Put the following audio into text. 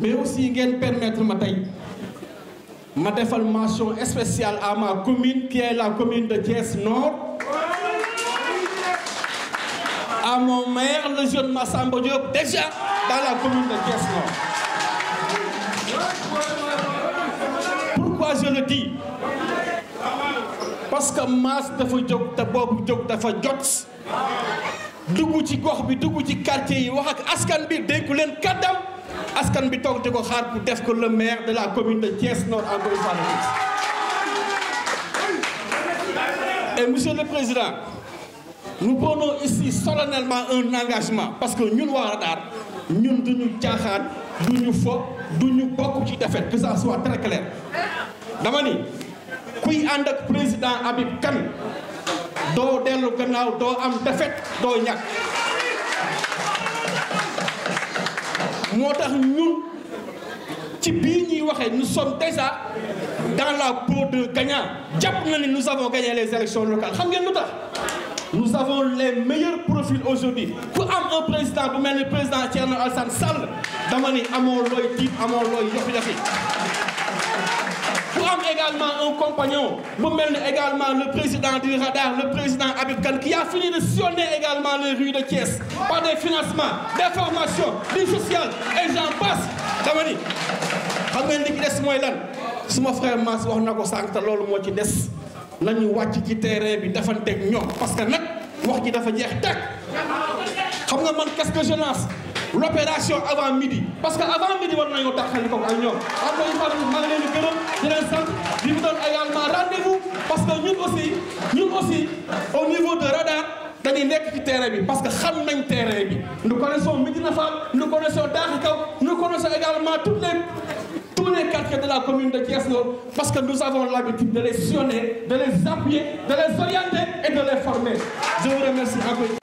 mais aussi ngeen permettre ma tey ma defal mention spéciale à ma commune qui est la commune de Thiès Nord à mon maire le jeune Massamba Diop déjà dans commune de Thiès Nord pourquoi je le dis parce que masse dafa jóg te boobu jóg dafa jot dugg ci gox bi dugg ci quartier yi wax ak askan bi dénku leen kàddam askan bi toog di ko xaar bu def ko le maire de la commune de Thiès Nord Andoy Fall. Et monsieur le président nous prenons ici solennellement un engagement parce que ñun waa Radar ñun du ñu caaxaan du ñu fo du ñu bokk ci défaite que ça soit très clair dama ni kuy ànd ak président Habib Kane doo dellu gannaaw doo am défaite doo ñàkk. moo tax ñun ci biir ñuy waxee nous sommes déjà dans la peau de gagnant jàpp na ni nous avons gagné les élections locales xam ngeen lu tax nous avons les meilleurs profils aujourd'hui ku am un président bu mel ni président Thierno Alassane Sall dama ni amoo looy tiit amoo looy yofi-yofi également un compagnon, nous également le président du radar, le président Abib Khan, qui a fini de sillonner également les rues de Thiès par des financements, des formations, du et j'en passe. Damani, xam ngeen li ci des mooy lan suma frère Mass wax na ko sànq te loolu moo ci des la ñu wàcc ci terrain bi defanteeg ñoom parce que nag wax ji dafa jeex teg xam nga man quest que je l'opération avant midi parce que avant midi war nañoo taxali ko ak ñoom encore une fois maa ngi leen di gërëm di leen sant di mu doon également rendez parce que ñun aussi ñun aussi au niveau de radar dañuy nekk ci terrain bi parce que xam nañ terrain bi nous connaissons Médina Fall nous connaissons Daxi Kaw nous connaissons également toutes les tous les quartiers de la commune de Thiès Nord parce que nous avons l'habitude de les sillonner de les appuyer de